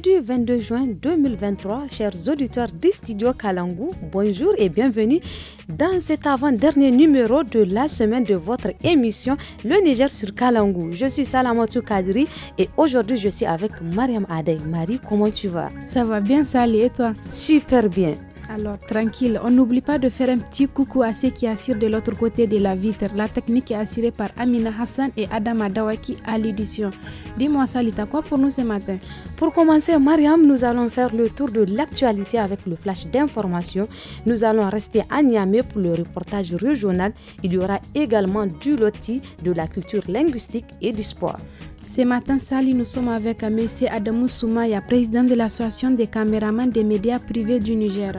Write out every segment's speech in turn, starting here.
du 22 juin 2023, chers auditeurs du studio Kalangou, bonjour et bienvenue dans cet avant-dernier numéro de la semaine de votre émission Le Niger sur Kalangou. Je suis Salamatou Kadri et aujourd'hui je suis avec Mariam Adey. Marie, comment tu vas Ça va bien, Sali, et toi Super bien. Alors tranquille, on n'oublie pas de faire un petit coucou à ceux qui assirent de l'autre côté de la vitre. La technique est assurée par Amina Hassan et Adam Adawaki à l'édition. Dis-moi Salita, quoi pour nous ce matin Pour commencer, Mariam, nous allons faire le tour de l'actualité avec le flash d'information. Nous allons rester à Niamey pour le reportage régional. Il y aura également du loti, de la culture linguistique et du sport. Ce matin, Sali, nous sommes avec M. Adamou Soumaya, président de l'Association des caméramans des médias privés du Niger.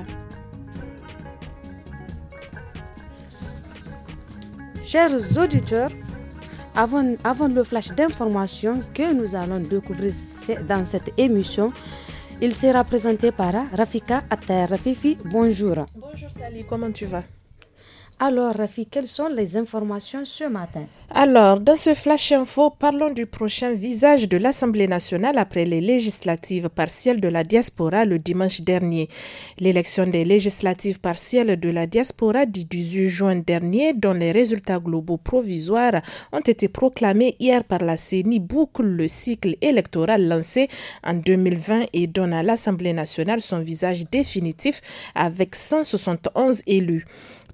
Chers auditeurs, avant, le flash d'information que nous allons découvrir dans cette émission, il sera présenté par Rafika Atter. Fifi, bonjour. Bonjour Sali, comment tu vas alors, Rafi, quelles sont les informations ce matin Alors, dans ce Flash Info, parlons du prochain visage de l'Assemblée nationale après les législatives partielles de la diaspora le dimanche dernier. L'élection des législatives partielles de la diaspora du 18 juin dernier, dont les résultats globaux provisoires ont été proclamés hier par la CENI, boucle le cycle électoral lancé en 2020 et donne à l'Assemblée nationale son visage définitif avec 171 élus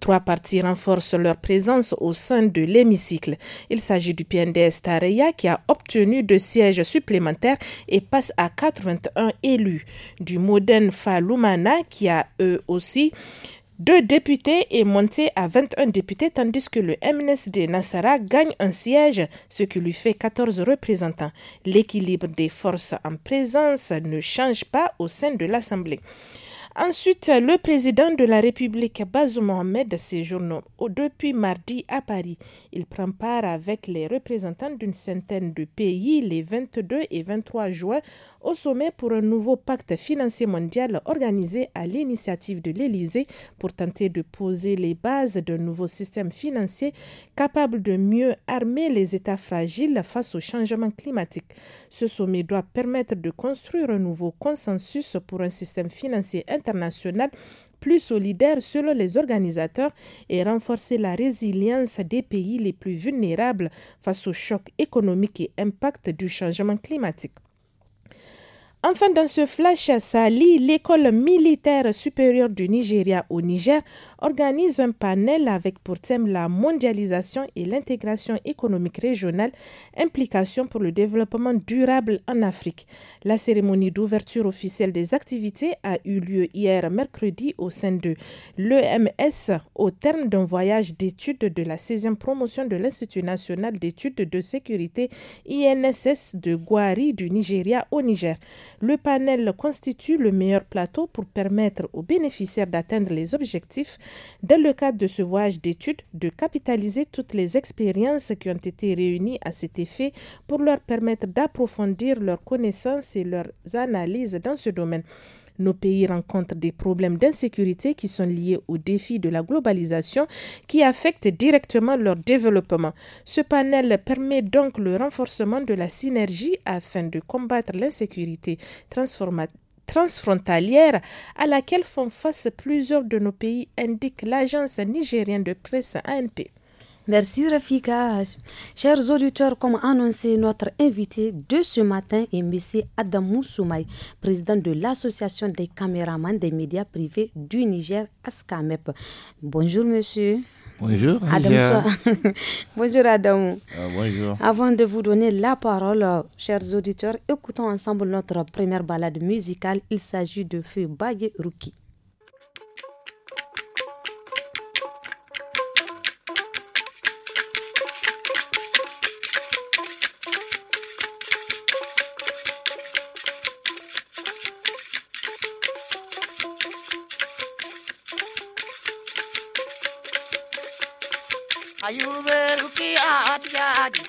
trois partis renforcent leur présence au sein de l'hémicycle. Il s'agit du PNDS Tareya qui a obtenu deux sièges supplémentaires et passe à 81 élus, du Modène Falumana qui a eux aussi deux députés et monté à 21 députés tandis que le MNSD Nassara gagne un siège, ce qui lui fait 14 représentants. L'équilibre des forces en présence ne change pas au sein de l'Assemblée. Ensuite, le président de la République, Bazoum Mohamed, séjourne depuis mardi à Paris. Il prend part avec les représentants d'une centaine de pays les 22 et 23 juin au sommet pour un nouveau pacte financier mondial organisé à l'initiative de l'Élysée pour tenter de poser les bases d'un nouveau système financier capable de mieux armer les États fragiles face au changement climatique. Ce sommet doit permettre de construire un nouveau consensus pour un système financier international internationale plus solidaire selon les organisateurs et renforcer la résilience des pays les plus vulnérables face aux chocs économiques et impacts du changement climatique. Enfin, dans ce flash, à Sali, l'école militaire supérieure du Nigeria au Niger organise un panel avec pour thème la mondialisation et l'intégration économique régionale, implication pour le développement durable en Afrique. La cérémonie d'ouverture officielle des activités a eu lieu hier mercredi au sein de l'EMS au terme d'un voyage d'études de la 16e promotion de l'Institut national d'études de sécurité INSS de Guari du Nigeria au Niger. Le panel constitue le meilleur plateau pour permettre aux bénéficiaires d'atteindre les objectifs dans le cadre de ce voyage d'études, de capitaliser toutes les expériences qui ont été réunies à cet effet pour leur permettre d'approfondir leurs connaissances et leurs analyses dans ce domaine. Nos pays rencontrent des problèmes d'insécurité qui sont liés aux défis de la globalisation qui affectent directement leur développement. Ce panel permet donc le renforcement de la synergie afin de combattre l'insécurité transformative transfrontalière à laquelle font face plusieurs de nos pays, indique l'agence nigérienne de presse ANP. Merci Rafika. Chers auditeurs, comme annoncé, notre invité de ce matin est M. Adamou Soumaï, président de l'Association des caméramans des médias privés du Niger, ASCAMEP. Bonjour monsieur. Bonjour. Adam bonjour Adam. Euh, bonjour. Avant de vous donner la parole, euh, chers auditeurs, écoutons ensemble notre première balade musicale. Il s'agit de Feu Bagué Rookie. ayube rukiyat jadi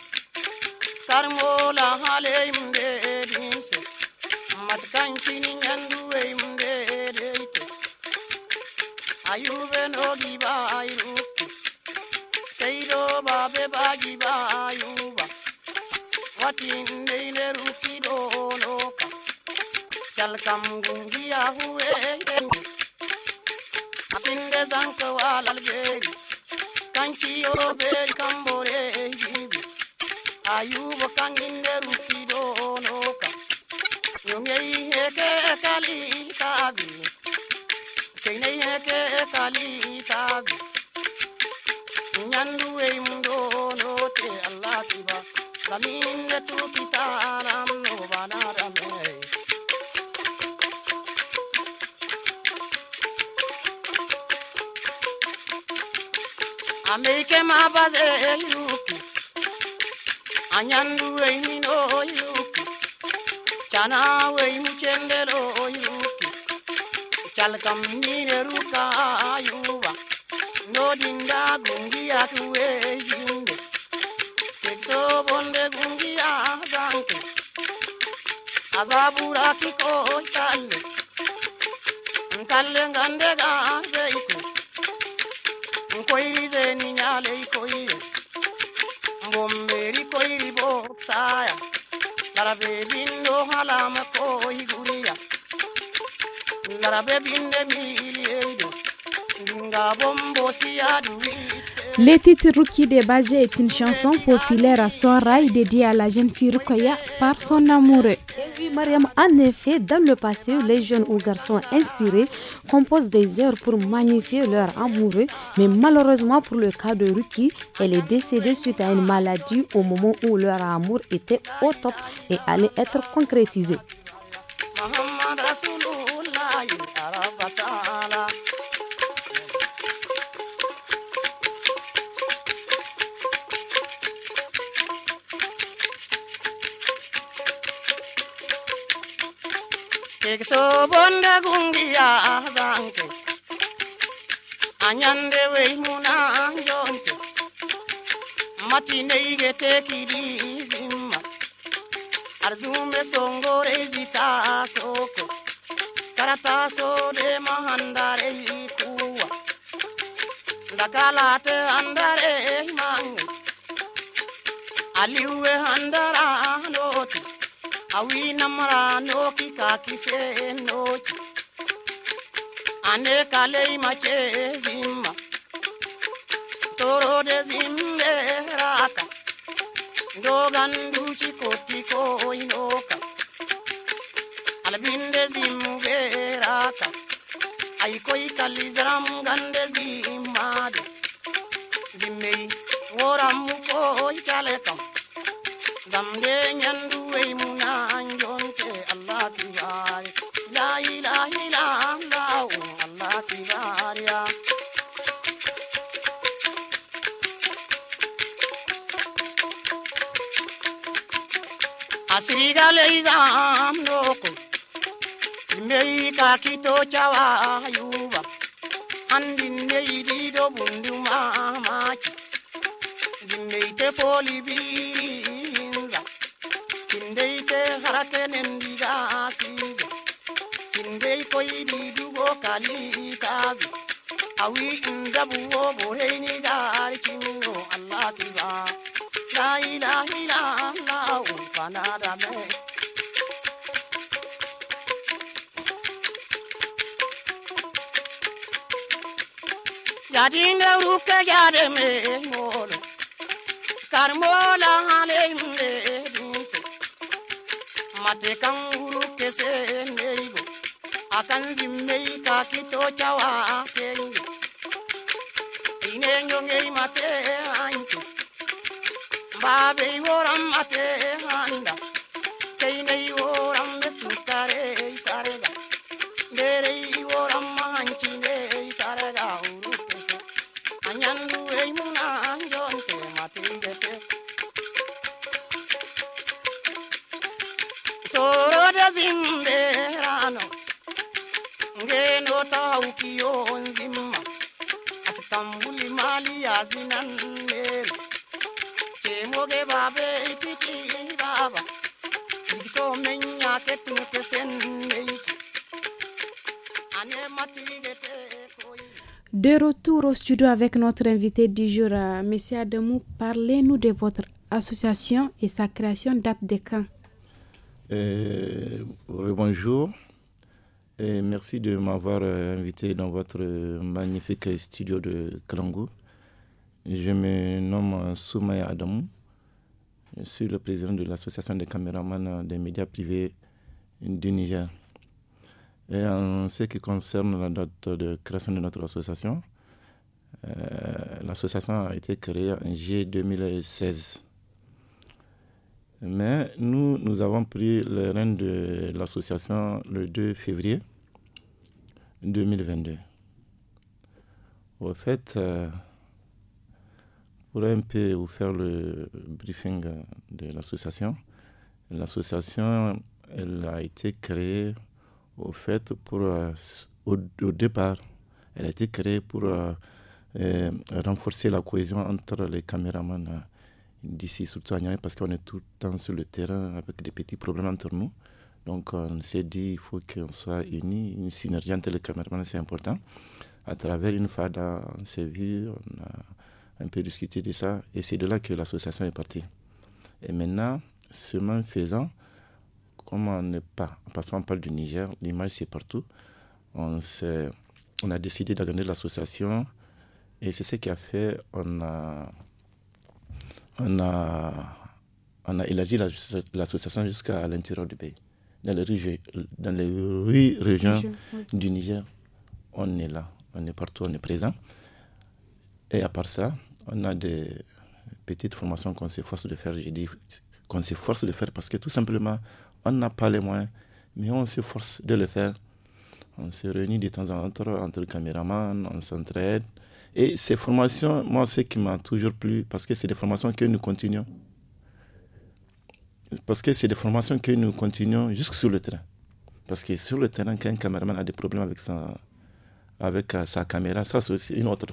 sarmola hale mde dinse matkan chini ngandu e mde deite ayube no giba ayru seiro babe baji ba ayuba watin deile rukido no chal kam gungiya huwe Sinde zanko alal beri kanki yoro be kambore jimbi ayubo kanginde rukido noka nyongei heke kali tabi keinei heke kali tabi nyandu ei mundo note allah tiba laminde tu kitaram no banaram Ameke ma baze eluku. Anyandu einu oyuku. Chana weinu chendelo oyuku. Chalkam mineru kayuwa. No dinda gungi atuwe ah, jinde. Tekso bonde gungi azanke. Ah, Azabura kiko challe. Nkalle ngande gande iku. koirizeni nyale ikoire ngomberi koiri boksaya larabe bindo halama koi guriya larabe binde miliyedo dinga bombo siyaduwi Le titre Rookie des Bajé est une chanson populaire à son rail dédiée à la jeune fille Rukoya par son amoureux. Oui, Mariam, en effet, dans le passé, les jeunes ou garçons inspirés composent des heures pour magnifier leur amoureux, mais malheureusement pour le cas de Ruki, elle est décédée suite à une maladie au moment où leur amour était au top et allait être concrétisé. kek so bonga gungia azanke anyande we muna anjonke matine igete kidizima arzume songore zita soko karataso de mahandare kuwa ndakalate andare mange aliwe handara noti awi namara no ki ka kise no ane kale ma che zimma toro de zimbe raka dogan chi koti ko inoka albinde zimbe raka ay koy kalizram gande zimmade zimmei woram ko kale damde nyandu wey Senegal is am loko. Nei kakito chawa yuba. Andin nei dido bundu mamachi. Dinei te foli binza. Kindei te harake nendiga siza. Kindei koi didugo kali kazi. Awi indabu wo boreni dar chingo Allah kiba. La ilaha illallah. Panadame. Yadinga ruka yademe molo. Carmola haleme dinse. Mate kanguru kese neigo. Akanzi meika kito chawa tengo. Ine ngei mateo. Babe woram mate handa nei woram besukare isarega Derei woran mahanchine isarega urupesa Añandu eimuna anjonte matindete Toro desimberano Ngeno tauki onzima Asitambuli mali azinanda de retour au studio avec notre invité du jour, euh, Monsieur Ademou, parlez-nous de votre association et sa création date de quand euh, Bonjour et merci de m'avoir euh, invité dans votre magnifique studio de Klangou. Je me nomme Soumaya Adamou je suis le président de l'association des caméramans euh, des médias privés du Niger. Et en ce qui concerne la date de création de notre association, euh, l'association a été créée en juillet 2016. Mais nous, nous avons pris le règne de l'association le 2 février 2022. Au fait, euh, pour un peu vous faire le briefing de l'association. L'association, elle a été créée au fait pour euh, au, départ, elle a été créée pour euh, euh, renforcer la cohésion entre les caméramans d'ici, surtout à parce qu'on est tout le temps sur le terrain avec des petits problèmes entre nous. Donc on s'est dit il faut qu'on soit unis, une synergie entre les caméramans, c'est important. À travers une FADA, on s'est vu, on a un peu discuter de ça. Et c'est de là que l'association est partie. Et maintenant, ce même faisant, comment ne pas Parce qu'on parle du Niger, l'image c'est partout. On, on a décidé d'organiser l'association. Et c'est ce qui a fait, on a, on a, on a élargi l'association jusqu'à l'intérieur du pays. Dans les, rues, dans les régions du Niger, on est là, on est partout, on est présent. Et à part ça, on a des petites formations qu'on s'efforce de faire. Je dis qu'on s'efforce de faire parce que tout simplement, on n'a pas les moyens, mais on s'efforce de le faire. On se réunit de temps en temps entre caméramans, on s'entraide. Et ces formations, moi, ce qui m'a toujours plu, parce que c'est des formations que nous continuons. Parce que c'est des formations que nous continuons jusque sur le terrain. Parce que sur le terrain, quand un caméraman a des problèmes avec sa, avec euh, sa caméra, ça, c'est une autre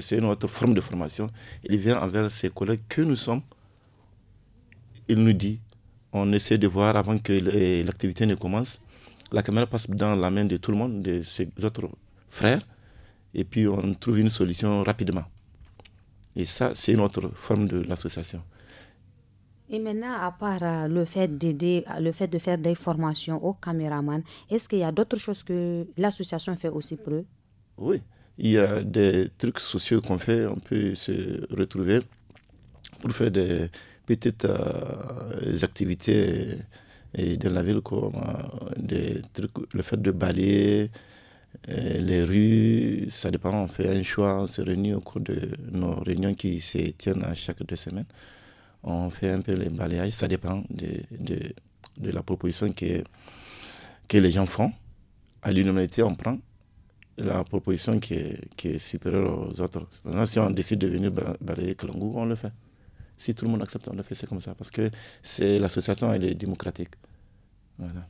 c'est notre forme de formation, il vient envers ses collègues que nous sommes. Il nous dit, on essaie de voir avant que l'activité ne commence. La caméra passe dans la main de tout le monde, de ses autres frères, et puis on trouve une solution rapidement. Et ça, c'est notre forme de l'association. Et maintenant, à part euh, le fait d'aider, le fait de faire des formations aux caméramans, est-ce qu'il y a d'autres choses que l'association fait aussi pour eux Oui, il y a des trucs sociaux qu'on fait, on peut se retrouver pour faire des petites euh, activités et dans la ville, comme des trucs, le fait de balayer euh, les rues, ça dépend, on fait un choix, on se réunit au cours de nos réunions qui se tiennent à chaque deux semaines. On fait un peu les balayages, ça dépend de, la proposition que, que les gens font. À l'unanimité, on prend la proposition qui est, qui est supérieure aux autres. Maintenant, si on décide de venir balayer Klangou, on le fait. Si tout le monde accepte, on le fait, c'est comme ça. Parce que c'est l'association, elle est démocratique. Voilà.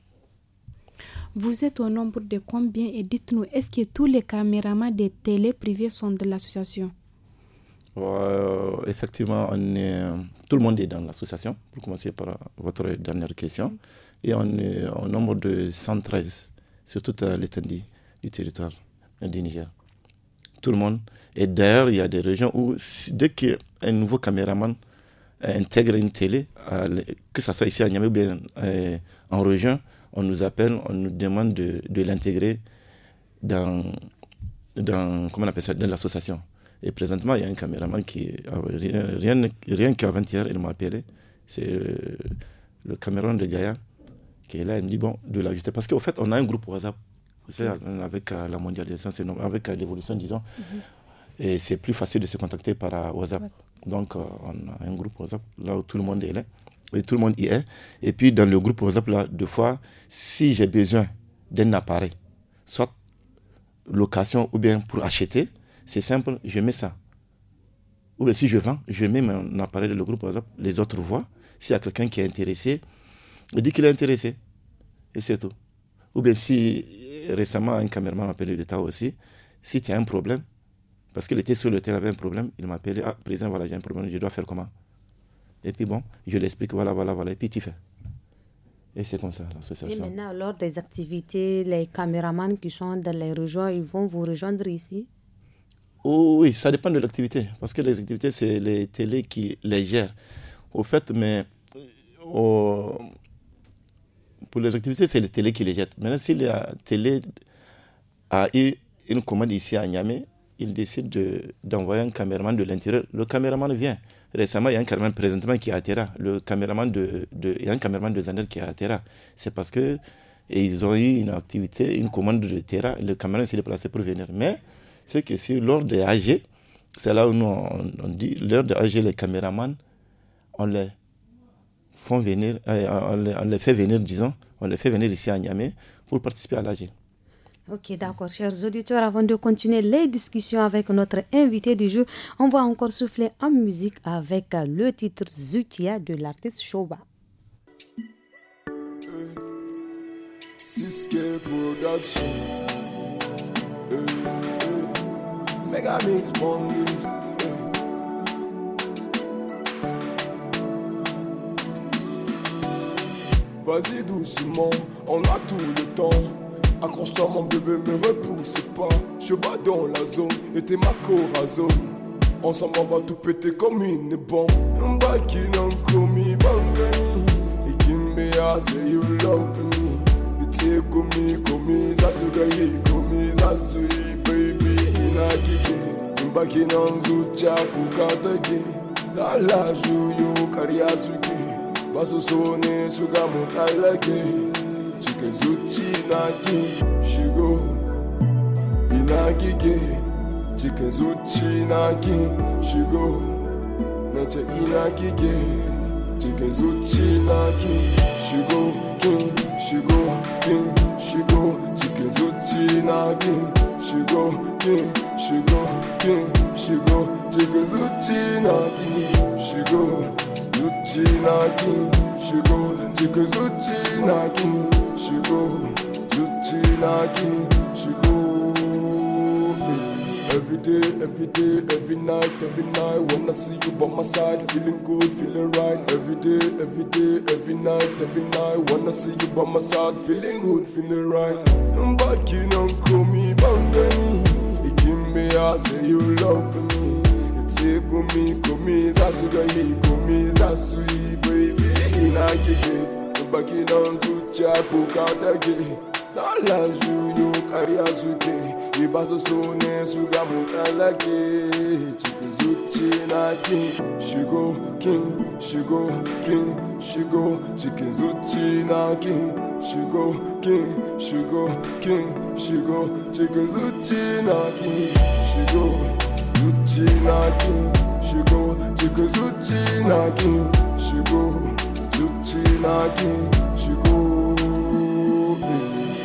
Vous êtes au nombre de combien et dites-nous, est-ce que tous les caméramans des télé privés sont de l'association euh, Effectivement, on est, tout le monde est dans l'association, pour commencer par votre dernière question. Et on est au nombre de 113 sur toute l'étendue du territoire du Niger. Tout le monde. Et d'ailleurs, il y a des régions où, dès qu'un nouveau caméraman intègre une télé, que ce soit ici à Niamey ou bien euh, en région, on nous appelle, on nous demande de, de l'intégrer dans, dans, comment on appelle ça, dans l'association. Et présentement, il y a un caméraman qui, ah rien, rien qu'à 20h, il m'a appelé. C'est euh, le, caméraman de Gaïa qui est là. Il me dit Bon, de l'ajuster Parce qu'au fait, on a un groupe WhatsApp euh, avec euh, la mondialisation, avec euh, l'évolution, disons, mm-hmm. c'est plus facile de se contacter par WhatsApp. Donc, on a un groupe WhatsApp là où tout le monde est là, et tout le monde y est. Et puis, dans le groupe WhatsApp, là, deux fois, si j'ai besoin d'un appareil, soit location ou bien pour acheter, c'est simple, je mets ça. Ou bien si je vends, je mets mon appareil dans le groupe WhatsApp, les autres voient. S'il y a quelqu'un qui est intéressé, il dit qu'il est intéressé. Et c'est tout. Ou bien si récemment, un caméraman m'a appelé l'État aussi. Si tu as un problème, parce qu'il était sur le terrain, il avait un problème, il m'a appelé Ah, président, voilà, j'ai un problème, je dois faire comment Et puis bon, je l'explique, voilà, voilà, voilà, et puis tu fais. Et c'est comme ça, l'association. Et maintenant, lors des activités, les caméramans qui sont dans les régions, ils vont vous rejoindre ici oh, Oui, ça dépend de l'activité. Parce que les activités, c'est les télés qui les gèrent. Au fait, mais. Euh, pour les activités, c'est les télé qui les jette. Maintenant, si la télé a eu une commande ici à Niamey, il décide d'envoyer un caméraman de l'intérieur. Le caméraman vient. Récemment, il y a un caméraman présentement qui est à Le de, il y a un caméraman de Zandel qui est à C'est parce qu'ils ont eu une activité, une commande de Terra. Le caméraman s'est déplacé pour venir. Mais c'est que si lors de AG, c'est là où nous on, dit, l'ordre est AG, les caméramans, on les font venir, euh, on, les fait venir, disons, on les fait venir ici à Niamey pour participer à l'AG. Ok, d'accord, chers auditeurs, avant de continuer les discussions avec notre invité du jour, on va encore souffler en musique avec euh, le titre Zutia de l'artiste Shoba. Production. Euh, Vas-y doucement, on a tout le temps. Accroche-toi mon bébé, me repousse pas. Je bats dans la zone et t'es ma corazon. Ensemble on va tout péter comme une bombe. Mbaki commis bangani. Ikimbe say you love me. comme komi komi zasugaye komi zasui baby inakike. Mbaki La la Dala karia kariyasuke. ba su so ne su ga mu tsallake cika zuci na ki shigo ina kike cika zuci na ki shigo na ce ina kike cika zuci na ki shigo kin shigo ki shigo cika zuci na ki shigo ki shigo ki shigo cika zuci na ki shigo Zuccinaki, sugar, chicken zuccinaki, sugar, zuccinaki, sugar. Every day, every day, every night, every night. When I see you by my side, feeling good, feeling right. Every day, every day, every night, every night. When I see you by my side, feeling good, feeling right. I'm back in, I'm coming, bangani. Give me, I say you love me. Ye kumi kumi zasu ga yi zasu baby Ina gige baki nan zuciya ko ka dage Dala zu yo kariya suke Yi ba su so ne su ga mu tsallake Ciki zuci na ki shigo kin shigo kin shigo Cikin zuci na kin shigo kin shigo kin shigo Cikin zuci na kin shigo Gucci naki, She go, she go Gucci Nike. She go, Gucci eh, Nike. She go.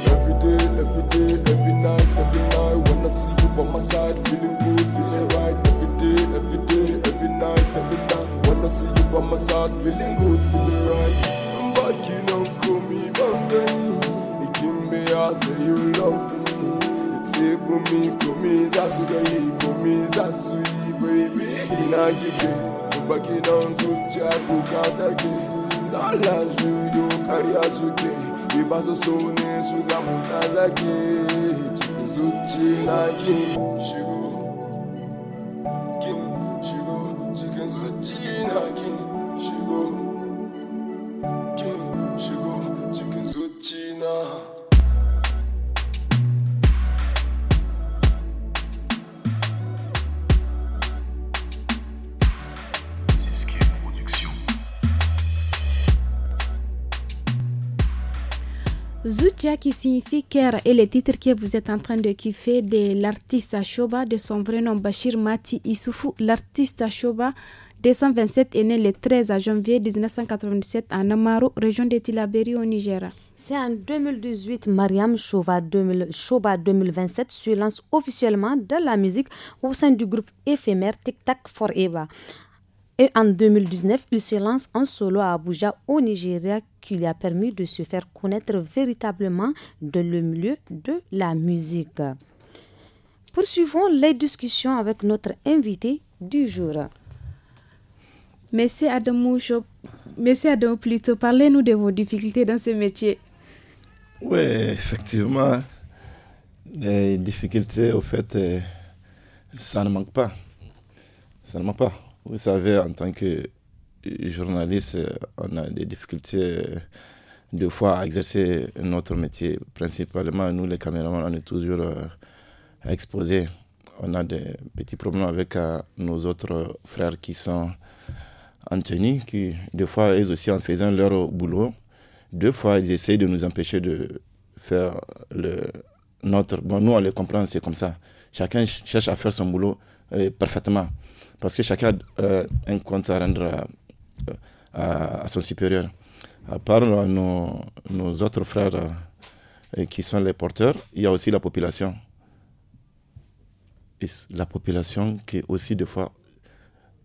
Every day, every day, every night, every night. When I see you by my side, feeling good, feeling right. Every day, every day, every night, every night. When I see you by my side, feeling good, feeling right. I'm back in Uncle Me Bangani. Give me, I say you love me. It's me, come me, that's what I is a sweet baby In a gigi Baki nan sucha kukatake Dala ju you carry a suke Iba so so ne suga mutalake Chiku suchi na gigi Shigu qui signifie cœur et le titre que vous êtes en train de kiffer de l'artiste Ashoba de son vrai nom Bachir Mati Issoufou. L'artiste Choba 227 est né le 13 janvier 1997 à Namaro, région de Tilaberi au Niger. C'est en 2018, Mariam Shoba, Shoba 2027 se lance officiellement dans la musique au sein du groupe éphémère Tic Tac Forever. Et en 2019, il se lance en solo à Abuja, au Nigeria, qui lui a permis de se faire connaître véritablement dans le milieu de la musique. Poursuivons les discussions avec notre invité du jour. Monsieur Adamou, Merci Adam, plutôt, parlez-nous de vos difficultés dans ce métier. Oui, effectivement, les difficultés, au fait, euh, ça ne manque pas. Ça ne manque pas vous savez, en tant que journaliste, on a des difficultés euh, deux fois à exercer notre métier. Principalement, nous, les caméramans, on est toujours euh, exposés. On a des petits problèmes avec euh, nos autres frères qui sont en tenue, qui, deux fois, ils aussi, en faisant leur boulot, deux fois, ils essayent de nous empêcher de faire le, notre. Bon, nous, on les comprend, c'est comme ça. Chacun cherche à faire son boulot parfaitement parce que chacun a euh, un compte à rendre euh, à, son supérieur. À part nos, autres frères euh, qui sont les porteurs, il y a aussi la population. la population qui aussi des fois,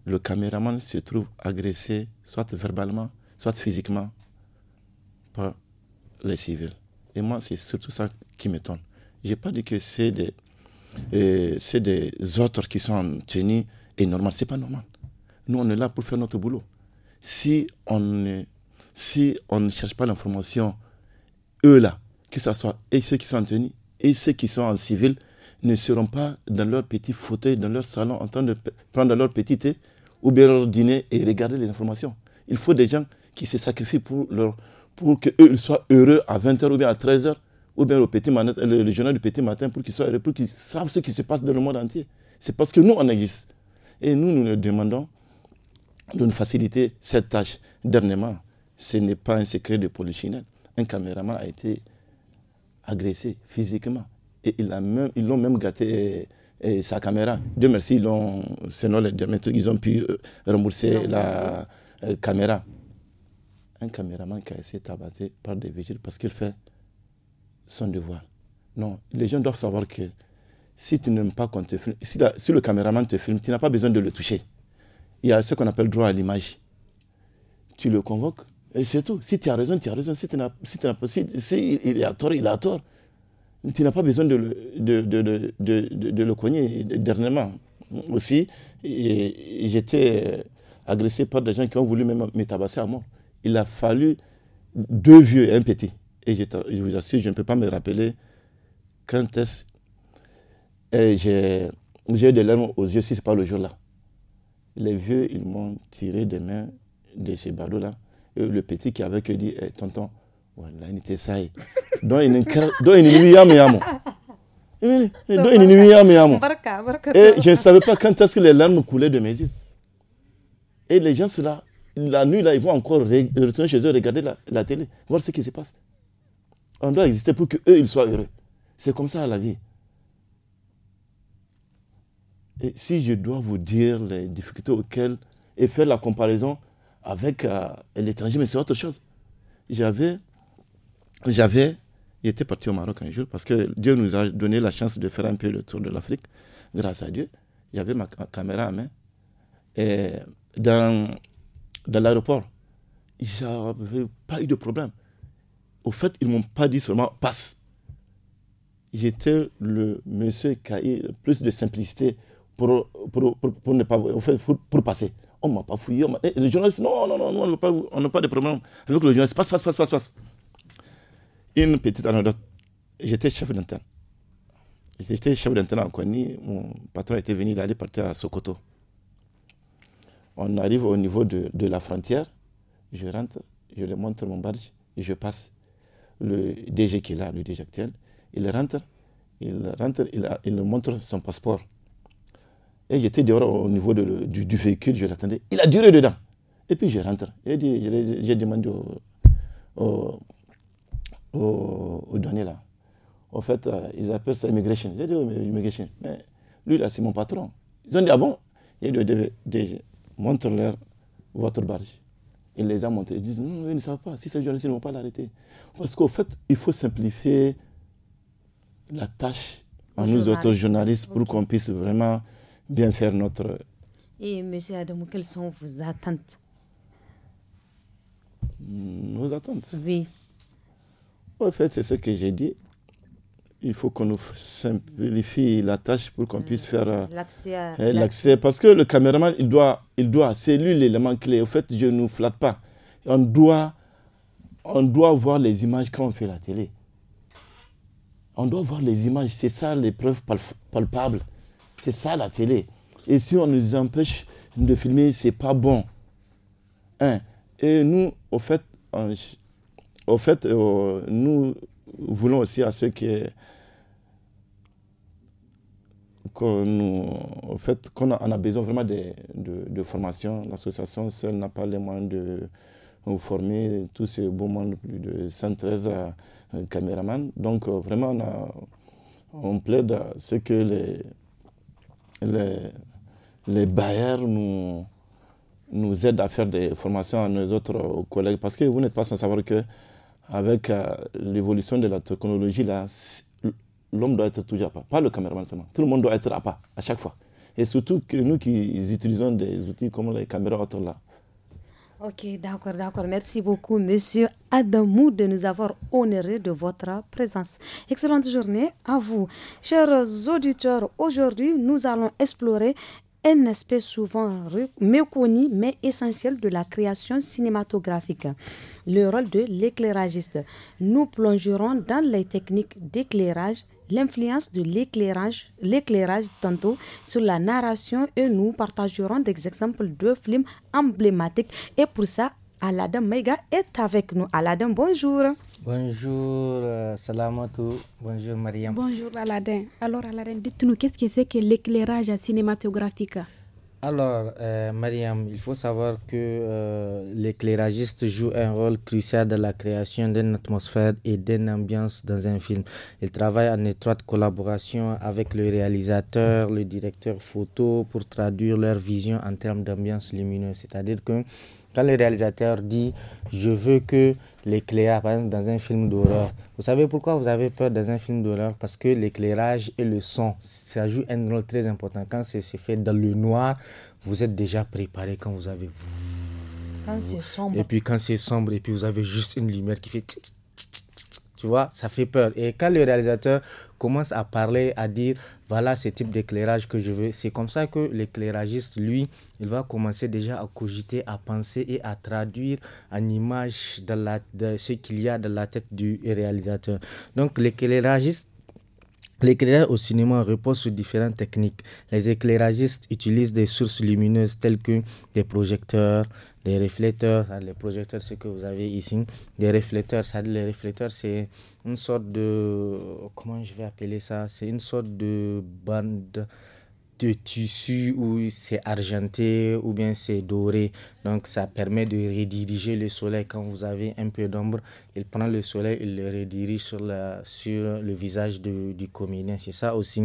le caméraman se trouve agressé, soit verbalement, soit physiquement, par les civils. Et moi, c'est surtout ça qui m'étonne. Je n'ai pas dit que c'est des, des autres qui sont tenus et normal. Ce n'est pas normal. Nous, on est là pour faire notre boulot. Si on, si on ne cherche pas l'information, eux là, que ce soit et ceux qui sont en tenue et ceux qui sont en civil, ne seront pas dans leur petit fauteuil, dans leur salon, en train de prendre leur petit thé ou bien leur dîner et regarder les informations. Il faut des gens qui se sacrifient pour, leur, pour ils soient heureux à 20h ou bien à 13h ou bien au petit matin, le, journal du petit matin pour qu'ils soient heureux, pour qu'ils savent ce qui se passe dans le monde entier. C'est parce que nous, on existe. Et nous, nous demandons de nous faciliter cette tâche. Dernièrement, ce n'est pas un secret de polichinelle. Un caméraman a été agressé physiquement. Et ils l'ont même, ont même gâté eh, eh, sa caméra. Dieu merci, ils ont, les ils ont pu euh, rembourser la euh, caméra. Un caméraman qui a été de par des vigiles parce qu'il fait son devoir. Non, les gens doivent savoir que si tu n'aimes pas qu'on te filme, si, le caméraman te filme, tu n'as pas besoin de le toucher. Il y a ce qu'on appelle droit à l'image. Tu le convoques et c'est tout. Si tu as raison, tu as raison. Si, tu si, si, si, il a tort, il a tort. Tu n'as pas besoin de le, de, de, le cogner. Dernièrement aussi, j'étais euh, agressé par des gens qui ont voulu me tabasser à mort. Il a fallu deux vieux et un petit. Et je, je vous assure, je ne peux pas me rappeler quand est-ce j'ai eu des larmes aux yeux si ce n'est pas le jour-là. Les vieux, ils m'ont tiré des mains de ces barreaux là Le petit qui avait que dit, eh, tonton, voilà, il était ça. Donc, il n'y a et je ne savais pas quand est-ce que les larmes coulaient de mes yeux. Et les gens, là, la nuit, là, ils vont encore retourner chez eux, regarder la, la télé, voir ce qui se passe. On doit exister pour qu'eux, ils soient heureux. C'est comme ça la vie. Et si je dois vous dire les difficultés auxquelles, et faire la comparaison avec euh, l'étranger, mais c'est autre chose. J'avais, j'avais, j'étais parti au Maroc un jour parce que Dieu nous a donné la chance de faire un peu le tour de l'Afrique, grâce à Dieu. j'avais ma caméra à main. Et dans, dans l'aéroport, j'avais pas eu de problème. Au fait, ils m'ont pas dit seulement passe. J'étais le monsieur qui a eu plus de simplicité pour, pour, pour, pour ne pas, pour, passer. On ne m'a pas fouillé. le journaliste, non, non, non, on n'a pas, pas, de problème avec le journaliste. Passe, passe, passe, passe, passe. Une petite anecdote. J'étais chef d'antenne. J'étais chef d'antenne en Kony. Mon patron était venu, il allait partir à Sokoto. On arrive au niveau de, de la frontière. Je rentre, je lui montre mon badge je passe. Le DG qui est là, le DG actuel, il rentre, il rentre, il, il montre son passeport. Et j'étais dehors au niveau du, véhicule, je l'attendais. Il a duré dedans. Et puis je rentre. Et j'ai demandé au, au, au, au là. En fait, euh, ils appellent ça immigration. J'ai dit immigration. Mais lui là, c'est mon patron. Ils ont dit ah bon Il dit montre-leur votre barge. Il les a montrés. Ils disent non, ils ne savent pas. Si c'est journaliste, ils ne vont pas l'arrêter. Parce qu'au fait, il faut simplifier la tâche à nous autres journalistes pour qu'on puisse vraiment bien faire notre... Et monsieur Adamou, quelles sont vos attentes Nos attentes Oui. En fait, c'est ce que j'ai dit. Il faut qu'on nous simplifie la tâche pour qu'on euh, puisse faire euh, hein, l'accès. Parce que le caméraman, il doit, il doit c'est lui l'élément clé. En fait, je ne nous flatte pas. On doit, on doit voir les images quand on fait la télé. On doit voir les images. C'est ça l'épreuve palpable. C'est ça la télé. Et si on nous empêche de filmer, c'est pas bon. Hein? Et nous, au fait, au fait euh, nous voulons aussi à ce que Au fait, qu'on a, besoin vraiment de, formation. L'association seule n'a pas les moyens de former tous ces beaux monde, plus de 113 euh, caméramans. Donc euh, vraiment, on, on plaide à ce que les les, Bayer nous, nous aident à faire des formations à nos autres collègues. Parce que vous n'êtes pas sans savoir que avec euh, l'évolution de la technologie, l'homme doit être toujours à pas. Pas le caméraman seulement. Tout le monde doit être à pas à chaque fois. Et surtout que nous qui utilisons des outils comme les caméras autres là, Ok, d'accord, d'accord. Merci beaucoup, monsieur Adamou, de nous avoir honoré de votre présence. Excellente journée à vous. Chers auditeurs, aujourd'hui, nous allons explorer un aspect souvent méconnu mais essentiel de la création cinématographique, le rôle de l'éclairagiste. Nous plongerons dans les techniques d'éclairage l'influence de l'éclairage, l'éclairage tantôt sur la narration et nous partagerons des exemples de films emblématiques. Et pour ça, Aladdin Mega est avec nous. Aladdin, bonjour. Bonjour euh, Salamatu bonjour Mariam. Bonjour Aladdin. Alors Aladdin, dites-nous qu'est-ce que c'est que l'éclairage cinématographique alors, euh, Mariam, il faut savoir que euh, l'éclairagiste joue un rôle crucial dans la création d'une atmosphère et d'une ambiance dans un film. Il travaille en étroite collaboration avec le réalisateur, le directeur photo pour traduire leur vision en termes d'ambiance lumineuse. C'est-à-dire que quand le réalisateur dit je veux que l'éclairage, par dans un film d'horreur, vous savez pourquoi vous avez peur dans un film d'horreur Parce que l'éclairage et le son, ça joue un rôle très important. Quand c'est fait dans le noir, vous êtes déjà préparé quand vous avez... Quand c'est sombre. Et puis quand c'est sombre, et puis vous avez juste une lumière qui fait... Tu vois, ça fait peur. Et quand le réalisateur commence à parler, à dire, voilà ce type d'éclairage que je veux, c'est comme ça que l'éclairagiste, lui, il va commencer déjà à cogiter, à penser et à traduire en image de, la, de ce qu'il y a dans la tête du réalisateur. Donc l'éclairagiste L'éclairage au cinéma repose sur différentes techniques. Les éclairagistes utilisent des sources lumineuses telles que des projecteurs, les réflecteurs, hein, les projecteurs, ce que vous avez ici, des réflecteurs. Ça, les réflecteurs, c'est une sorte de. Comment je vais appeler ça C'est une sorte de bande de tissu où c'est argenté ou bien c'est doré. Donc ça permet de rediriger le soleil quand vous avez un peu d'ombre. Il prend le soleil, il le redirige sur, la, sur le visage du comédien. C'est ça aussi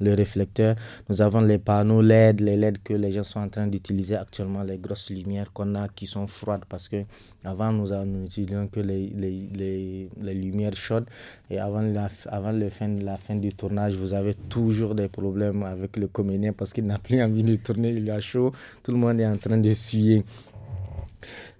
le réflecteur. Nous avons les panneaux LED, les LED que les gens sont en train d'utiliser actuellement, les grosses lumières qu'on a qui sont froides parce que avant nous n'utilisions que les, les, les, lumières chaudes et avant, la, avant le fin, la fin du tournage, vous avez toujours des problèmes avec le comédien parce qu'il n'a plus envie de tourner, il a chaud, tout le monde est en train de suer.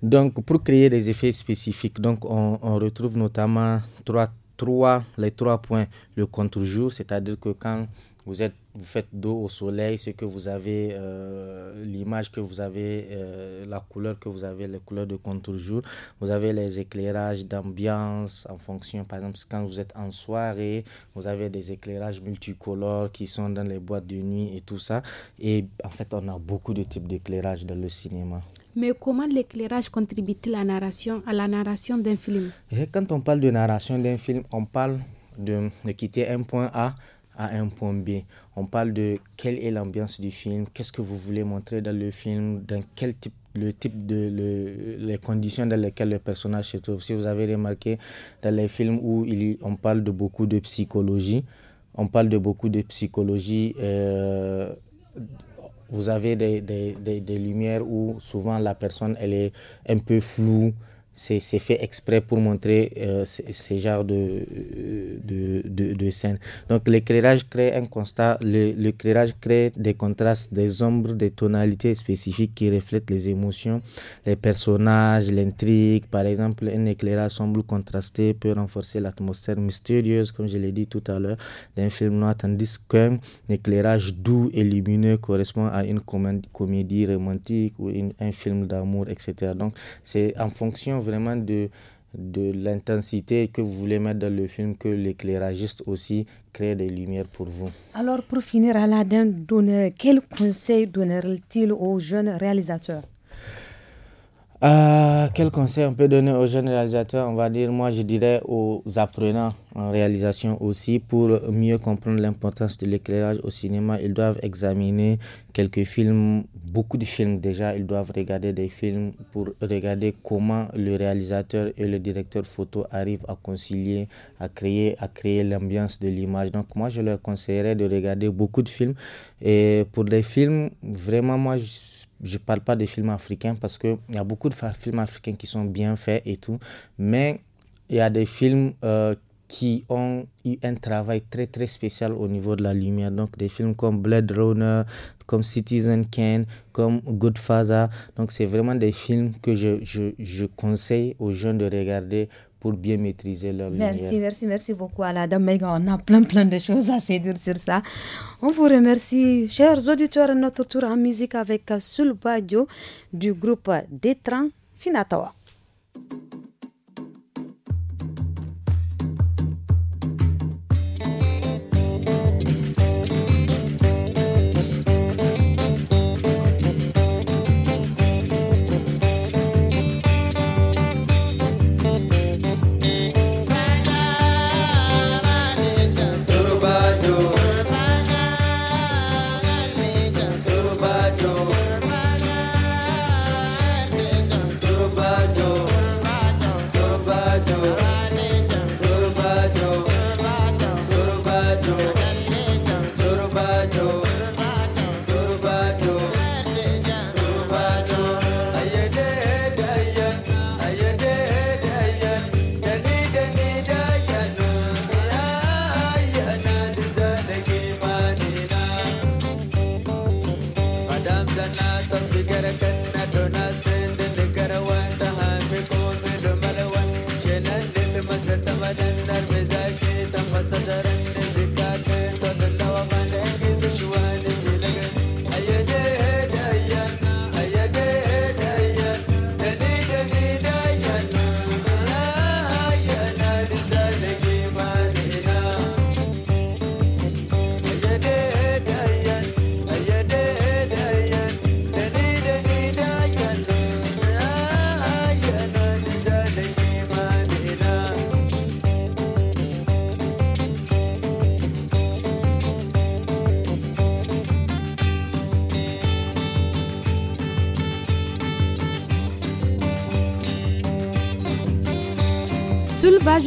Donc, pour créer des effets spécifiques, donc on, on retrouve notamment trois, trois, les trois points. Le contre-jour, c'est-à-dire que quand vous, êtes, vous faites dos au soleil, ce que vous avez, euh, l'image que vous avez, euh, la couleur que vous avez, les couleurs de contre-jour. Vous avez les éclairages d'ambiance en fonction, par exemple, quand vous êtes en soirée, vous avez des éclairages multicolores qui sont dans les boîtes de nuit et tout ça. Et en fait, on a beaucoup de types d'éclairage dans le cinéma. Mais comment l'éclairage contribue-t-il à la narration, à la narration d'un film et Quand on parle de narration d'un film, on parle de, de quitter un point A à un point B. On parle de quelle est l'ambiance du film, qu'est-ce que vous voulez montrer dans le film, dans quel type le type de les conditions dans lesquelles le personnage se trouve. Si vous avez remarqué dans les films où il, on parle de beaucoup de psychologie, on parle de beaucoup de psychologie. Euh, vous avez des, des, des, des, lumières où souvent la personne elle est un peu floue, c'est fait exprès pour montrer euh, ces genres de, de, de, scènes. Donc l'éclairage crée un constat, l'éclairage crée des contrastes, des ombres, des tonalités spécifiques qui reflètent les émotions, les personnages, l'intrigue. Par exemple, un éclairage semble contrasté peut renforcer l'atmosphère mystérieuse, comme je l'ai dit tout à l'heure, d'un film noir, tandis qu'un éclairage doux et lumineux correspond à une comédie romantique ou un film d'amour, etc. Donc c'est en fonction vraiment de, de l'intensité que vous voulez mettre dans le film, que l'éclairagiste aussi crée des lumières pour vous. Alors pour finir, Aladdin, quel conseil donnerait-il aux jeunes réalisateurs euh, quel conseil on peut donner aux jeunes réalisateurs On va dire, moi je dirais aux apprenants en réalisation aussi, pour mieux comprendre l'importance de l'éclairage au cinéma, ils doivent examiner quelques films, beaucoup de films déjà, ils doivent regarder des films pour regarder comment le réalisateur et le directeur photo arrivent à concilier, à créer, à créer l'ambiance de l'image. Donc moi je leur conseillerais de regarder beaucoup de films et pour des films, vraiment moi je je parle pas des films africains parce qu'il y a beaucoup de films africains qui sont bien faits et tout, mais il y a des films euh, qui ont eu un travail très très spécial au niveau de la lumière. Donc des films comme Blade Runner, comme Citizen Kane, comme Goodfather. Donc c'est vraiment des films que je, je, je conseille aux jeunes de regarder pour bien maîtriser leur merci, Merci, merci beaucoup à la dame. On a plein, plein de choses à se sur ça. On vous remercie, chers auditeurs, notre tour en musique avec Sulbadio du groupe Détran Finatawa.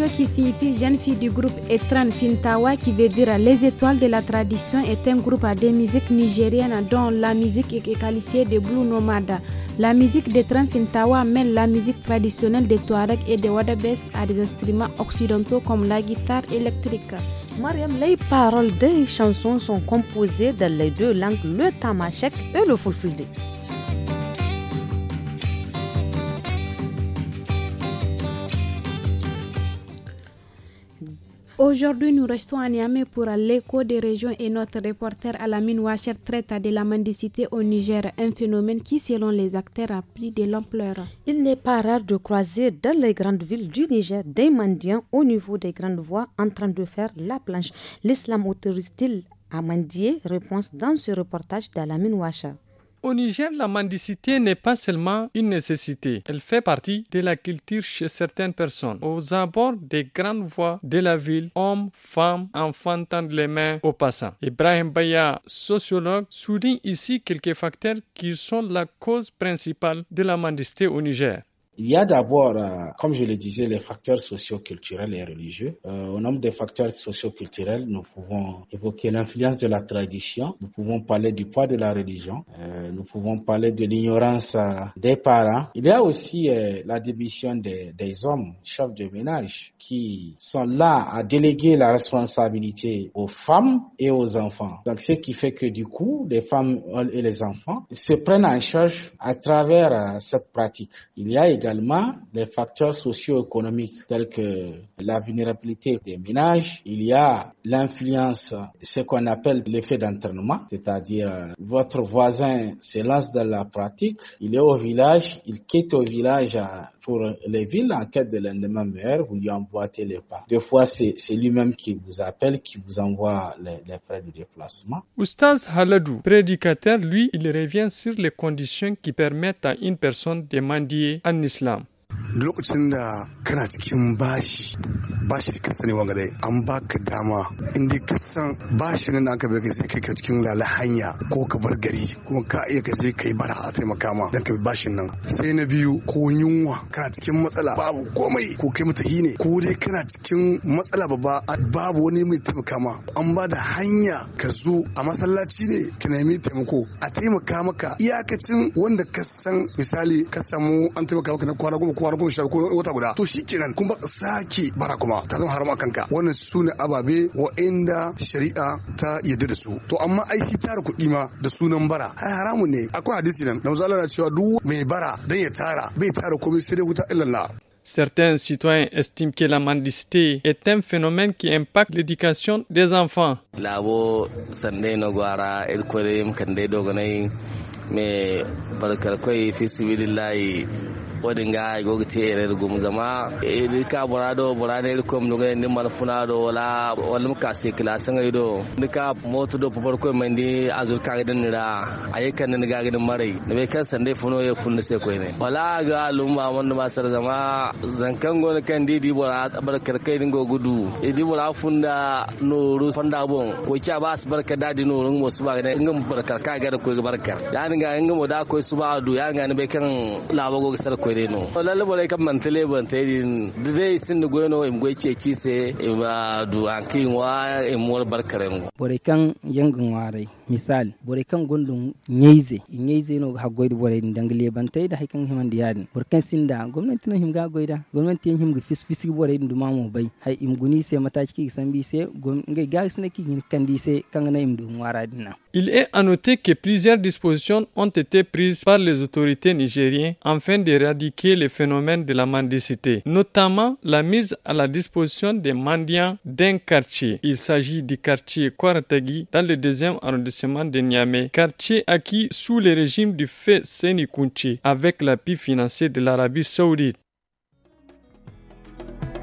qui signifie jeune fille du groupe Etran Fintawa, qui veut dire les étoiles de la tradition, est un groupe à des musiques nigériennes dont la musique est qualifiée de blue nomada ». La musique d'Etran Fintawa mêle la musique traditionnelle des Touaregs et des Wadabes à des instruments occidentaux comme la guitare électrique. Mariam, les paroles des chansons sont composées dans les deux langues, le tamashek et le fulfulde. Aujourd'hui, nous restons à Niamey pour l'écho des régions et notre reporter Alamine Wacher traite de la mendicité au Niger, un phénomène qui, selon les acteurs, a pris de l'ampleur. Il n'est pas rare de croiser dans les grandes villes du Niger des mendiants au niveau des grandes voies en train de faire la planche. L'islam autorise-t-il à mendier Réponse dans ce reportage d'Alamine Wacher. Au Niger, la mendicité n'est pas seulement une nécessité, elle fait partie de la culture chez certaines personnes. Aux abords des grandes voies de la ville, hommes, femmes, enfants tendent les mains aux passants. Ibrahim Baya, sociologue, souligne ici quelques facteurs qui sont la cause principale de la mendicité au Niger. Il y a d'abord, euh, comme je le disais, les facteurs socio-culturels et religieux. Euh, au nombre des facteurs socio-culturels, nous pouvons évoquer l'influence de la tradition, nous pouvons parler du poids de la religion, euh, nous pouvons parler de l'ignorance euh, des parents. Il y a aussi euh, la démission des, des hommes, chefs de ménage, qui sont là à déléguer la responsabilité aux femmes et aux enfants. Donc, ce qui fait que du coup, les femmes et les enfants se prennent en charge à travers cette pratique. Il y a également également les facteurs socio-économiques tels que la vulnérabilité des ménages. Il y a l'influence, ce qu'on appelle l'effet d'entraînement, c'est-à-dire euh, votre voisin se lance dans la pratique, il est au village, il quitte au village à pour les villes en quête de l'endemain meilleur, vous lui emboîtez les pas. Des fois, c'est lui-même qui vous appelle, qui vous envoie les, les frais de déplacement. Oustaz Haladou, prédicateur, lui, il revient sur les conditions qui permettent à une personne de mendier en islam. lokacin da kana cikin bashi bashi ka sani wanga dai an baka dama in ka san bashi nan aka bai kai sai kai ka cikin lala hanya ko ka bar gari kuma ka iya ka kai bara a taimaka ma dan ka bashin nan sai na biyu ko yunwa kana cikin matsala babu komai ko kai mata ne ko dai kana cikin matsala babba babu wani mai taimaka ma an ba da hanya ka zo a masallaci ne ka nemi taimako a taimaka maka iyakacin wanda ka san misali ka samu an taimaka maka na kwana kafin ka shafi ko wata guda to shikenan kun baka sake bara kuma ta zama harama kanka wannan su ne ababe wa'inda shari'a ta yadda da su to amma ai shi tara kuɗi ma da sunan bara ai haramun ne akwai hadisi nan da manzo Allah cewa duk mai bara dan ya tara bai tara komai sai dai wuta illallah Certains citoyens estiment que la mendicité est un phénomène qui impacte l'éducation des enfants. sande no gwara el me barkar kwai fi sibilillahi wadin ga gogte ere gum zama e ka burado burane ko e, mun ga ni funa do wala wal ka se klasan ga do ni ka moto do popor ko men di azur ka ga ni ra ay kan ni ga ga marai ne be kan sande funo ya fun se ko ne wala ga lumma mun ma sar zama zankan go kan didi di bora bar karkai ni go gudu e di bora da no ru fanda bon ko cha ba su barka dadi no run wasu ba ga ngam barka ka ga ko barka ya ni ga ngam da ko su ba do ya ga ni be kan labago ga sar ko koy no lalle bore kam man tele bon te din de sin go no im goy ke kise ba du an kin wa im wor barkaren go bore kan yangin warai misal bore kan gondun nyeize nyeize no ha goy bore din dangle ban te da hakan himan diyadin bore kan sin da gwamnati no himga goy da gwamnati yin himga fis fis bore din duma mo bai hay im guni se mataki ki san bi se ngai ga sin ki kan di se kan na im du wara din na Il est à noter que plusieurs dispositions ont été prises par les autorités nigériennes afin d'éradiquer les phénomènes de la mendicité, notamment la mise à la disposition des mendiants d'un quartier. Il s'agit du quartier Kwaratagi dans le deuxième arrondissement de Niamey, quartier acquis sous le régime du fait Kunchi avec l'appui financier de l'Arabie saoudite.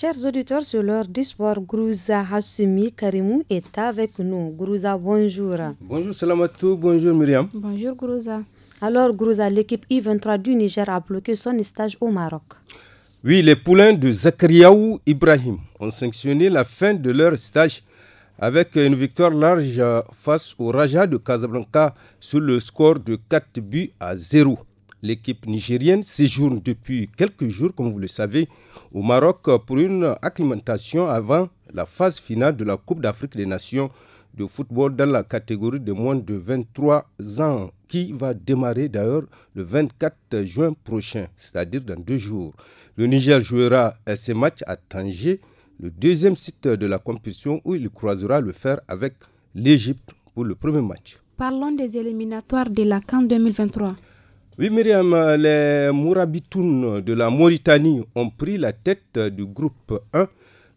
Chers auditeurs, sur leur d'histoire, Grouza Hassumi Karimou est avec nous. Grouza, bonjour. Bonjour Salamatou, bonjour Myriam. Bonjour Grouza. Alors Grouza, l'équipe I-23 du Niger a bloqué son stage au Maroc. Oui, les poulains de Zakariaou Ibrahim ont sanctionné la fin de leur stage avec une victoire large face au Raja de Casablanca sur le score de 4 buts à 0. L'équipe nigérienne séjourne depuis quelques jours, comme vous le savez, au Maroc pour une acclimatation avant la phase finale de la Coupe d'Afrique des Nations de football dans la catégorie de moins de 23 ans, qui va démarrer d'ailleurs le 24 juin prochain, c'est-à-dire dans deux jours. Le Niger jouera ses matchs à Tanger, le deuxième site de la compétition où il croisera le fer avec l'Égypte pour le premier match. Parlons des éliminatoires de la CAN 2023. Oui, Myriam, les Mourabitounes de la Mauritanie ont pris la tête du groupe 1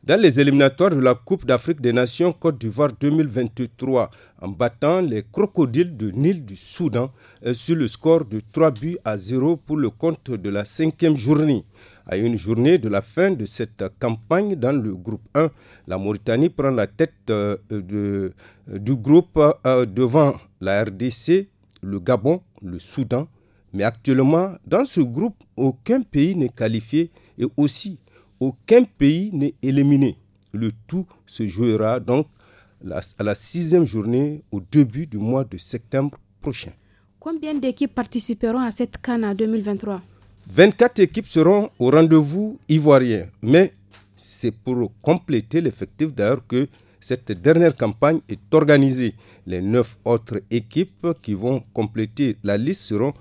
dans les éliminatoires de la Coupe d'Afrique des Nations Côte d'Ivoire 2023 en battant les crocodiles de Nil du Soudan euh, sur le score de 3 buts à 0 pour le compte de la cinquième journée. À une journée de la fin de cette campagne dans le groupe 1, la Mauritanie prend la tête euh, euh, du groupe devant la RDC, le Gabon, le Soudan, mais actuellement, dans ce groupe, aucun pays n'est qualifié et aussi aucun pays n'est éliminé. Le tout se jouera donc à la sixième journée au début du mois de septembre prochain. Combien d'équipes participeront à cette CAN 2023 24 équipes seront au rendez-vous ivoirien, mais c'est pour compléter l'effectif d'ailleurs que cette dernière campagne est organisée. Les neuf autres équipes qui vont compléter la liste seront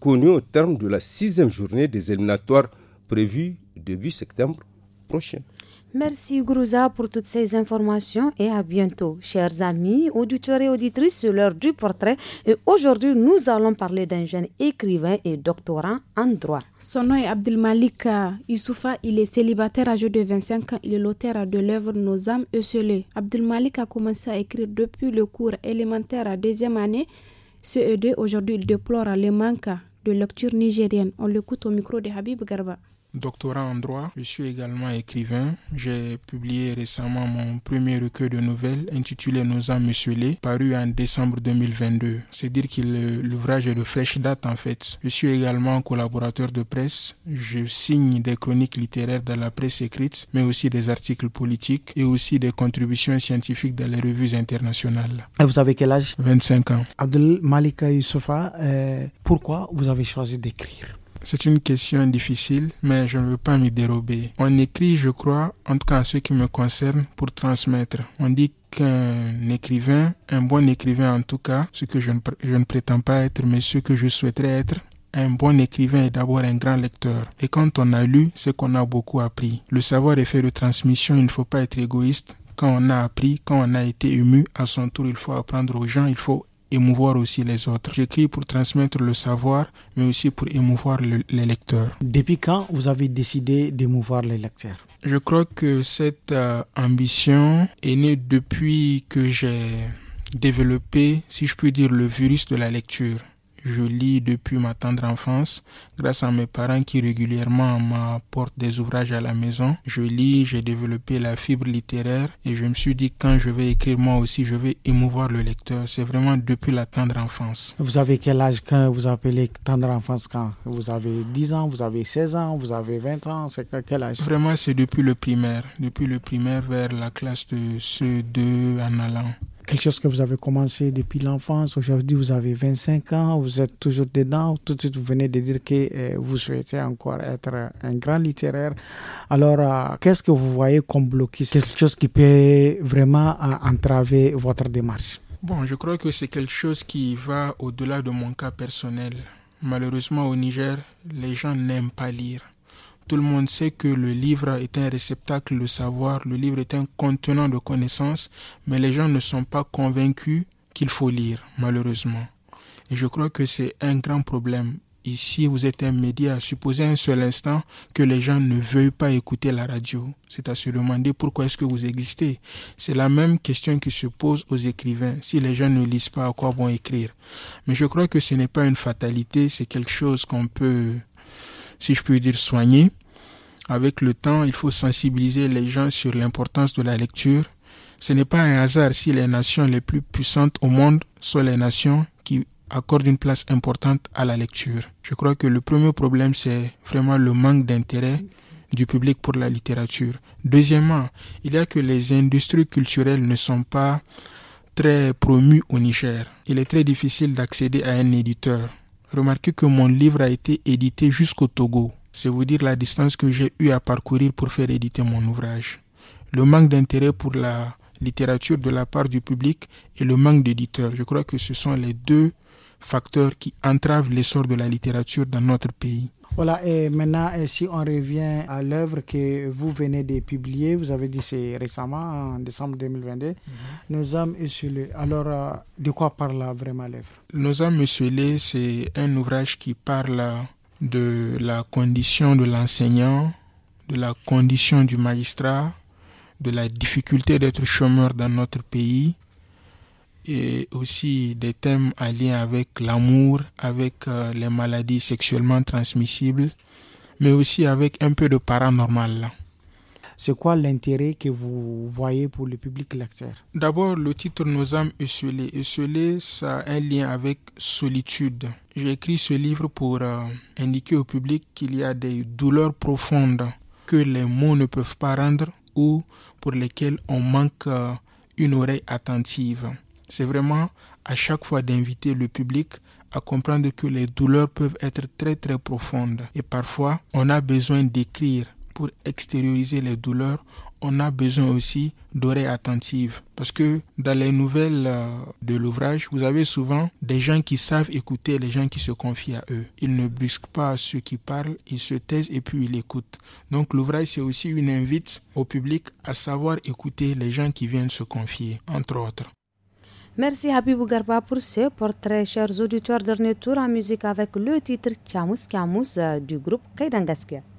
connu au terme de la sixième journée des éliminatoires prévue début septembre prochain. Merci Grouza pour toutes ces informations et à bientôt. Chers amis, auditeurs et auditrices, c'est l'heure du portrait et aujourd'hui nous allons parler d'un jeune écrivain et doctorant en droit. Son nom est Abdelmalik euh, Youssoufa, il est célibataire âgé de 25 ans, il est l'auteur de l'œuvre Nos âmes esselées. Abdelmalik a commencé à écrire depuis le cours élémentaire à deuxième année CE2, aujourd'hui, déplore les manques de lecture nigérienne. On l'écoute au micro de Habib Garba doctorat en droit. Je suis également écrivain. J'ai publié récemment mon premier recueil de nouvelles intitulé Nos âmes muselées, paru en décembre 2022. C'est dire que l'ouvrage est de fraîche date en fait. Je suis également collaborateur de presse. Je signe des chroniques littéraires dans la presse écrite, mais aussi des articles politiques et aussi des contributions scientifiques dans les revues internationales. Et vous avez quel âge 25 ans. Abdel Malika Youssoufa, euh, pourquoi vous avez choisi d'écrire c'est une question difficile, mais je ne veux pas m'y dérober. On écrit, je crois, en tout cas en ce qui me concerne, pour transmettre. On dit qu'un écrivain, un bon écrivain en tout cas, ce que je ne, je ne prétends pas être, mais ce que je souhaiterais être, un bon écrivain est d'abord un grand lecteur. Et quand on a lu, c'est qu'on a beaucoup appris. Le savoir est fait de transmission, il ne faut pas être égoïste. Quand on a appris, quand on a été ému, à son tour, il faut apprendre aux gens, il faut émouvoir aussi les autres. J'écris pour transmettre le savoir, mais aussi pour émouvoir les lecteurs. Depuis quand vous avez décidé d'émouvoir les lecteurs Je crois que cette euh, ambition est née depuis que j'ai développé, si je puis dire, le virus de la lecture. Je lis depuis ma tendre enfance, grâce à mes parents qui régulièrement m'apportent des ouvrages à la maison. Je lis, j'ai développé la fibre littéraire et je me suis dit quand je vais écrire moi aussi, je vais émouvoir le lecteur. C'est vraiment depuis la tendre enfance. Vous avez quel âge quand vous appelez tendre enfance quand Vous avez 10 ans, vous avez 16 ans, vous avez 20 ans, c'est quel âge Vraiment, c'est depuis le primaire, depuis le primaire vers la classe de CE2 en allant quelque chose que vous avez commencé depuis l'enfance. Aujourd'hui, vous avez 25 ans, vous êtes toujours dedans. Tout de suite, vous venez de dire que eh, vous souhaitez encore être un grand littéraire. Alors, euh, qu'est-ce que vous voyez comme c'est Quelque chose qui peut vraiment euh, entraver votre démarche Bon, je crois que c'est quelque chose qui va au-delà de mon cas personnel. Malheureusement, au Niger, les gens n'aiment pas lire. Tout le monde sait que le livre est un réceptacle de savoir, le livre est un contenant de connaissances, mais les gens ne sont pas convaincus qu'il faut lire, malheureusement. Et je crois que c'est un grand problème. Ici, vous êtes un média. Supposez un seul instant que les gens ne veuillent pas écouter la radio. C'est à se demander pourquoi est-ce que vous existez. C'est la même question qui se pose aux écrivains. Si les gens ne lisent pas, à quoi vont écrire Mais je crois que ce n'est pas une fatalité, c'est quelque chose qu'on peut si je puis dire, soigné, Avec le temps, il faut sensibiliser les gens sur l'importance de la lecture. Ce n'est pas un hasard si les nations les plus puissantes au monde sont les nations qui accordent une place importante à la lecture. Je crois que le premier problème, c'est vraiment le manque d'intérêt du public pour la littérature. Deuxièmement, il y a que les industries culturelles ne sont pas très promues au Niger. Il est très difficile d'accéder à un éditeur. Remarquez que mon livre a été édité jusqu'au Togo. C'est vous dire la distance que j'ai eu à parcourir pour faire éditer mon ouvrage. Le manque d'intérêt pour la littérature de la part du public et le manque d'éditeurs. Je crois que ce sont les deux facteurs qui entravent l'essor de la littérature dans notre pays. Voilà, et maintenant, si on revient à l'œuvre que vous venez de publier, vous avez dit c'est récemment, en décembre 2022, mhm. Nos âmes Alors, euh, de quoi parle vraiment l'œuvre Nos âmes esselées, c'est un ouvrage qui parle de la condition de l'enseignant, de la condition du magistrat, de la difficulté d'être chômeur dans notre pays, et aussi des thèmes en lien avec l'amour, avec euh, les maladies sexuellement transmissibles, mais aussi avec un peu de paranormal. C'est quoi l'intérêt que vous voyez pour le public lecteur D'abord, le titre Nos âmes esselées. ça a un lien avec solitude. J'ai écrit ce livre pour euh, indiquer au public qu'il y a des douleurs profondes que les mots ne peuvent pas rendre ou pour lesquelles on manque euh, une oreille attentive c'est vraiment à chaque fois d'inviter le public à comprendre que les douleurs peuvent être très très profondes et parfois on a besoin d'écrire pour extérioriser les douleurs, on a besoin aussi d'oreilles attentives. Parce que dans les nouvelles euh, de l'ouvrage, vous avez souvent des gens qui savent écouter les gens qui se confient à eux. Ils ne brusquent pas ceux qui parlent, ils se taisent et puis ils écoutent. Donc l'ouvrage, c'est aussi une invite au public à savoir écouter les gens qui viennent se confier, entre autres. Merci Habibou Garba pour ce portrait, chers auditeurs. Dernier tour en musique avec le titre Chamous Kamous euh, du groupe Kaidangaskia.